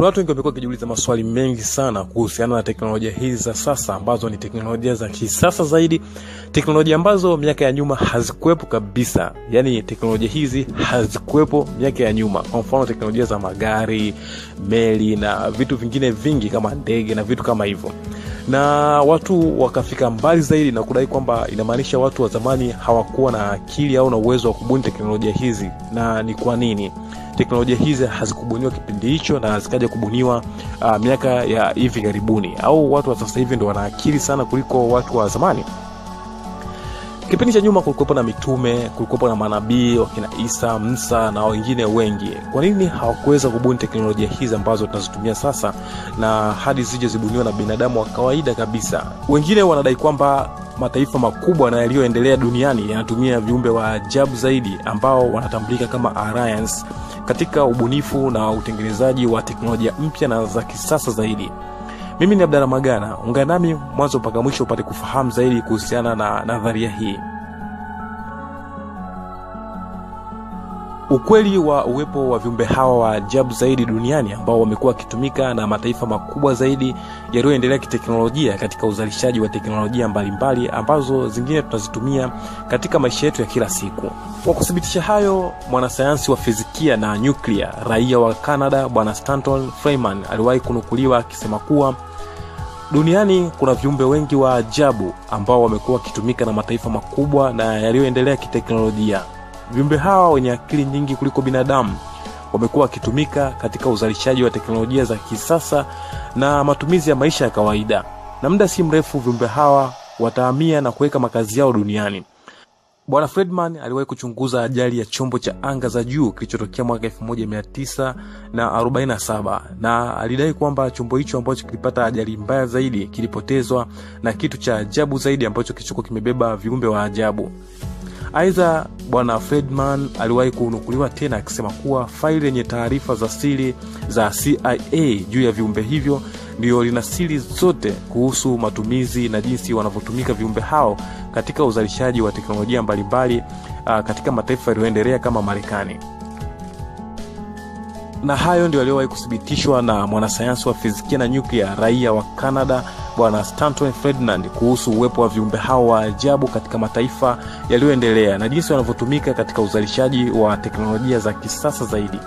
Kuna watu wengi wamekuwa wakijiuliza maswali mengi sana kuhusiana na teknolojia hizi za sasa ambazo ni teknolojia za kisasa zaidi, teknolojia ambazo miaka ya nyuma hazikuwepo kabisa. Yaani teknolojia hizi hazikuwepo miaka ya nyuma, kwa mfano teknolojia za magari, meli na vitu vingine vingi kama ndege na vitu kama hivyo na watu wakafika mbali zaidi na kudai kwamba inamaanisha watu wa zamani hawakuwa na akili au na uwezo wa kubuni teknolojia hizi na ni kwa nini teknolojia hizi hazikubuniwa kipindi hicho na zikaja kubuniwa uh, miaka ya hivi karibuni au watu wa sasa hivi ndo wana akili sana kuliko watu wa zamani kipindi cha nyuma kulikuwepo na mitume kulikuwepo na manabii wakina isa msa na wengine wengi kwa nini hawakuweza kubuni teknolojia hizi ambazo tunazitumia sasa na hadi zije zibuniwa na binadamu wa kawaida kabisa wengine wanadai kwamba mataifa makubwa na yaliyoendelea duniani yanatumia viumbe wa ajabu zaidi ambao wanatambulika kama Alliance katika ubunifu na utengenezaji wa teknolojia mpya na za kisasa zaidi mimi ni abdala Magana, ungana nami mwanzo mpaka mwisho upate kufahamu zaidi kuhusiana na nadharia hii. Ukweli wa uwepo wa viumbe hawa wa ajabu zaidi duniani ambao wamekuwa wakitumika na mataifa makubwa zaidi yaliyoendelea kiteknolojia katika uzalishaji wa teknolojia mbalimbali mbali, ambazo zingine tunazitumia katika maisha yetu ya kila siku. Kwa kuthibitisha hayo, mwanasayansi wa fizikia na nyuklia raia wa Canada Bwana Stanton Freiman aliwahi kunukuliwa akisema kuwa Duniani kuna viumbe wengi wa ajabu ambao wamekuwa wakitumika na mataifa makubwa na yaliyoendelea kiteknolojia. Viumbe hawa wenye akili nyingi kuliko binadamu wamekuwa wakitumika katika uzalishaji wa teknolojia za kisasa na matumizi ya maisha ya kawaida, na muda si mrefu viumbe hawa watahamia na kuweka makazi yao duniani. Bwana fredman aliwahi kuchunguza ajali ya chombo cha anga za juu kilichotokea mwaka 1947 na alidai kwamba chombo hicho ambacho kilipata ajali mbaya zaidi kilipotezwa na kitu cha ajabu zaidi ambacho kilichokuwa kimebeba viumbe wa ajabu. Aidha, bwana fredman aliwahi kunukuliwa tena akisema kuwa faili yenye taarifa za siri za CIA juu ya viumbe hivyo ndio lina siri zote kuhusu matumizi na jinsi wanavyotumika viumbe hao katika uzalishaji wa teknolojia mbalimbali uh, katika mataifa yaliyoendelea kama Marekani na hayo ndio yaliyowahi kuthibitishwa na mwanasayansi wa fizikia na nyuklia raia wa Canada bwana Stanton Ferdinand kuhusu uwepo wa viumbe hao wa ajabu katika mataifa yaliyoendelea na jinsi wanavyotumika katika uzalishaji wa teknolojia za kisasa zaidi.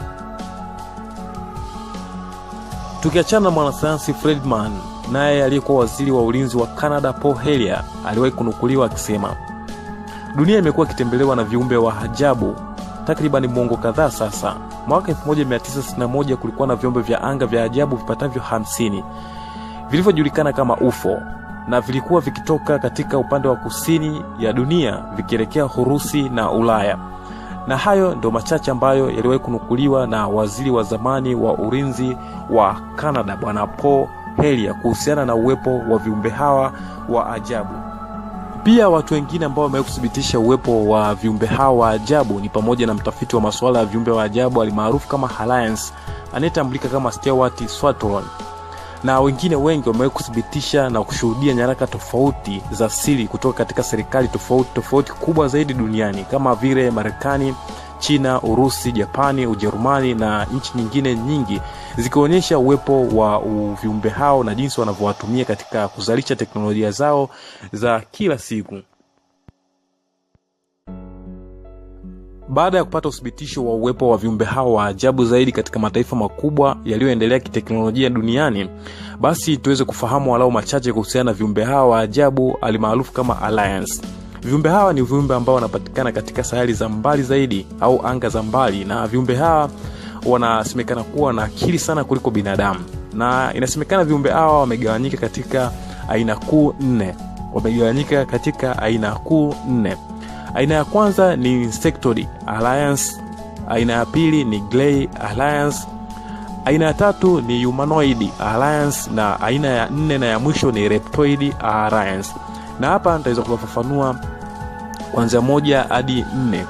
Tukiachana na mwanasayansi fredman naye aliyekuwa waziri wa ulinzi wa Canada Paul helia aliwahi kunukuliwa akisema, dunia imekuwa ikitembelewa na viumbe wa ajabu takribani mwongo kadhaa sasa. Mwaka 1961 kulikuwa na viumbe vya anga vya ajabu vipatavyo 50 vilivyojulikana kama UFO na vilikuwa vikitoka katika upande wa kusini ya dunia vikielekea Urusi na Ulaya. Na hayo ndio machache ambayo yaliwahi kunukuliwa na waziri wa zamani wa ulinzi wa Kanada Bwana Paul helia kuhusiana na uwepo wa viumbe hawa wa ajabu. Pia watu wengine ambao wamewahi kuthibitisha uwepo wa viumbe hawa wa ajabu ni pamoja na mtafiti wa masuala ya viumbe wa ajabu alimaarufu kama Alliance anayetambulika kama Stewart swatron na wengine wengi wamewahi kuthibitisha na kushuhudia nyaraka tofauti za siri kutoka katika serikali tofauti tofauti kubwa zaidi duniani kama vile Marekani, China, Urusi, Japani, Ujerumani na nchi nyingine nyingi zikionyesha uwepo wa viumbe hao na jinsi wanavyowatumia katika kuzalisha teknolojia zao za kila siku. Baada ya kupata uthibitisho wa uwepo wa viumbe hao wa ajabu zaidi katika mataifa makubwa yaliyoendelea kiteknolojia duniani, basi tuweze kufahamu walau machache kuhusiana na viumbe hao wa ajabu alimaarufu kama Alliance. Viumbe hawa ni viumbe ambao wanapatikana katika sayari za mbali zaidi au anga za mbali, na viumbe hawa wanasemekana kuwa na akili sana kuliko binadamu, na inasemekana viumbe hawa wamegawanyika katika aina kuu nne. Wamegawanyika katika aina kuu nne. Aina ya kwanza ni Insectoid Alliance, aina ya pili ni Grey Alliance, aina ya tatu ni Humanoid Alliance na aina ya nne na ya mwisho ni Reptoid Alliance. Na hapa nitaweza kuwafafanua kwanzia moja hadi nne.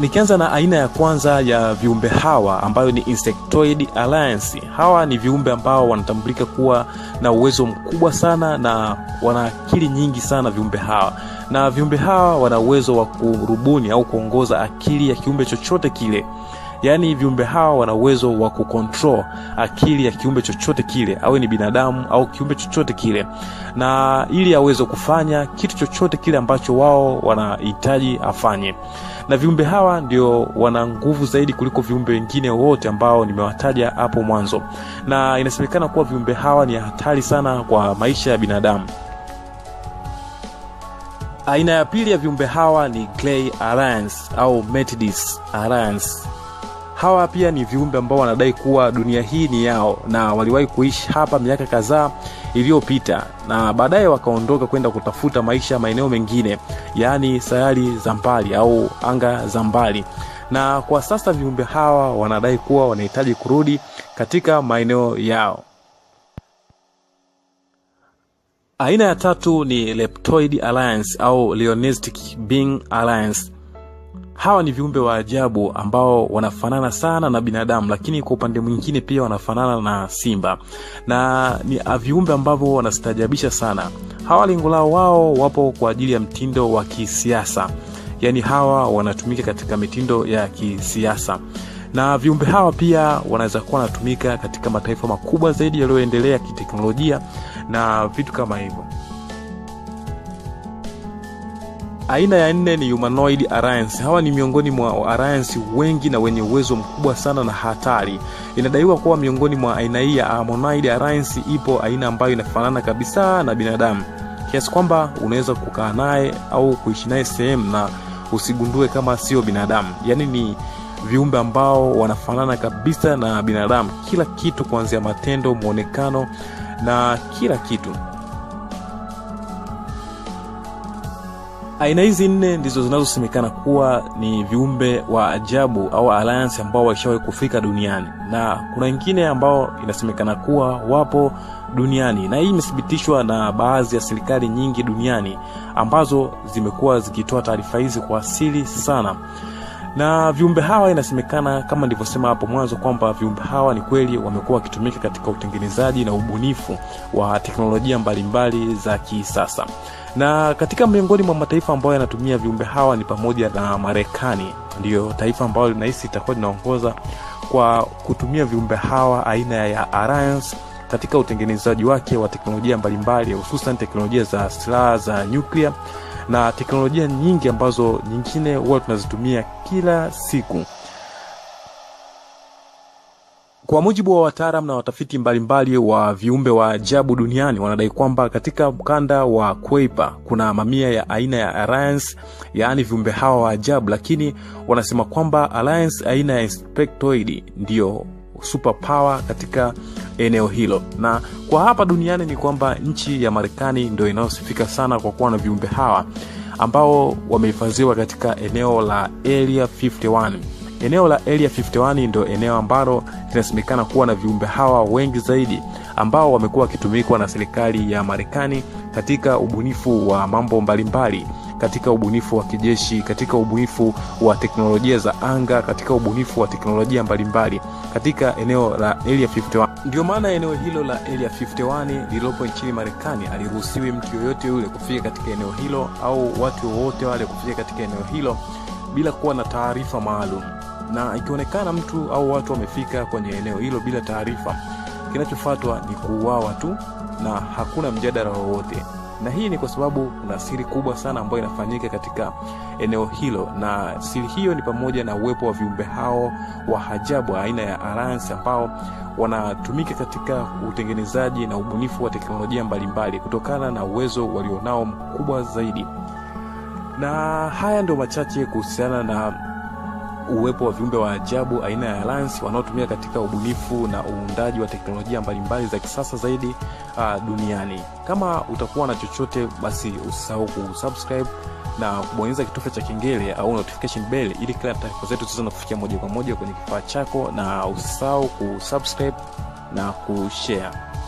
Nikianza na aina ya kwanza ya viumbe hawa ambayo ni Insectoid Alliance. Hawa ni viumbe ambao wanatambulika kuwa na uwezo mkubwa sana na wana akili nyingi sana viumbe hawa. Na viumbe hawa wana uwezo wa kurubuni au kuongoza akili ya kiumbe chochote kile. Yaani viumbe hawa wana uwezo wa kucontrol akili ya kiumbe chochote kile, awe ni binadamu au kiumbe chochote kile, na ili aweze kufanya kitu chochote kile ambacho wao wanahitaji afanye. Na viumbe hawa ndio wana nguvu zaidi kuliko viumbe wengine wote ambao nimewataja hapo mwanzo, na inasemekana kuwa viumbe hawa ni hatari sana kwa maisha ya binadamu. Aina ya pili ya viumbe hawa ni clay Alliance au Metidis Alliance hawa pia ni viumbe ambao wanadai kuwa dunia hii ni yao na waliwahi kuishi hapa miaka kadhaa iliyopita na baadaye wakaondoka kwenda kutafuta maisha maeneo mengine yaani sayari za mbali au anga za mbali na kwa sasa viumbe hawa wanadai kuwa wanahitaji kurudi katika maeneo yao aina ya tatu ni leptoid alliance au leonistic being alliance hawa ni viumbe wa ajabu ambao wanafanana sana na binadamu lakini kwa upande mwingine pia wanafanana na simba na ni ah, viumbe ambavyo wanastajabisha sana hawa lengo lao wao wapo kwa ajili ya mtindo wa kisiasa yaani hawa wanatumika katika mitindo ya kisiasa na viumbe hawa pia wanaweza kuwa wanatumika katika mataifa makubwa zaidi yaliyoendelea kiteknolojia na vitu kama hivyo Aina ya nne ni humanoid Alliance. Hawa ni miongoni mwa Alliance wengi na wenye uwezo mkubwa sana na hatari. Inadaiwa kuwa miongoni mwa aina hii ya Harmonide Alliance ipo aina ambayo inafanana kabisa na binadamu kiasi kwamba unaweza kukaa naye au kuishi naye sehemu na usigundue kama sio binadamu. Yaani ni viumbe ambao wanafanana kabisa na binadamu, kila kitu, kuanzia matendo, mwonekano na kila kitu. Aina hizi nne ndizo zinazosemekana kuwa ni viumbe wa ajabu au alliance ambao walishawahi kufika duniani, na kuna wengine ambao inasemekana kuwa wapo duniani, na hii imethibitishwa na baadhi ya serikali nyingi duniani ambazo zimekuwa zikitoa taarifa hizi kwa asili sana na viumbe hawa inasemekana kama nilivyosema hapo mwanzo kwamba viumbe hawa ni kweli wamekuwa wakitumika katika utengenezaji na ubunifu wa teknolojia mbalimbali za kisasa na katika miongoni mwa mataifa ambayo yanatumia viumbe hawa ni pamoja na Marekani, ndiyo taifa ambayo linahisi itakuwa linaongoza kwa kutumia viumbe hawa aina ya Alliance katika utengenezaji wake wa teknolojia mbalimbali, hususan teknolojia za silaha za nyuklia na teknolojia nyingi ambazo nyingine huwa tunazitumia kila siku. Kwa mujibu wa wataalam na watafiti mbalimbali wa viumbe wa ajabu duniani wanadai kwamba katika mkanda wa Kuiper kuna mamia ya aina ya Alliance, yaani viumbe hawa wa ajabu, lakini wanasema kwamba Alliance aina ya Insectoid ndiyo superpower katika eneo hilo. Na kwa hapa duniani ni kwamba nchi ya Marekani ndio inayosifika sana kwa kuwa na viumbe hawa ambao wamehifadhiwa katika eneo la Area 51 Eneo la Area 51 ndio eneo ambalo linasemekana kuwa na viumbe hawa wengi zaidi ambao wamekuwa wakitumikwa na serikali ya Marekani katika ubunifu wa mambo mbalimbali, katika ubunifu wa kijeshi, katika ubunifu wa teknolojia za anga, katika ubunifu wa teknolojia mbalimbali katika eneo la Area 51. Ndio maana eneo hilo la Area 51 lililopo nchini Marekani, aliruhusiwi mtu yoyote yule kufika katika eneo hilo au watu wowote wale kufika katika eneo hilo bila kuwa na taarifa maalum na ikionekana mtu au watu wamefika kwenye eneo hilo bila taarifa, kinachofatwa ni kuuawa tu na hakuna mjadala wowote. Na hii ni kwa sababu kuna siri kubwa sana ambayo inafanyika katika eneo hilo, na siri hiyo ni pamoja na uwepo wa viumbe hao wa hajabu aina ya arans ambao wanatumika katika utengenezaji na ubunifu wa teknolojia mbalimbali kutokana na uwezo walionao mkubwa zaidi. Na haya ndio machache kuhusiana na uwepo wa viumbe wa ajabu aina ya lansi wanaotumia katika ubunifu na uundaji wa teknolojia mbalimbali za kisasa zaidi uh, duniani. Kama utakuwa na chochote, basi usisahau kusubscribe na kubonyeza kitufe cha kengele au notification bell ili kila taarifa zetu na kufikia moja kwa moja kwenye kifaa chako, na usisahau kusubscribe na kushare.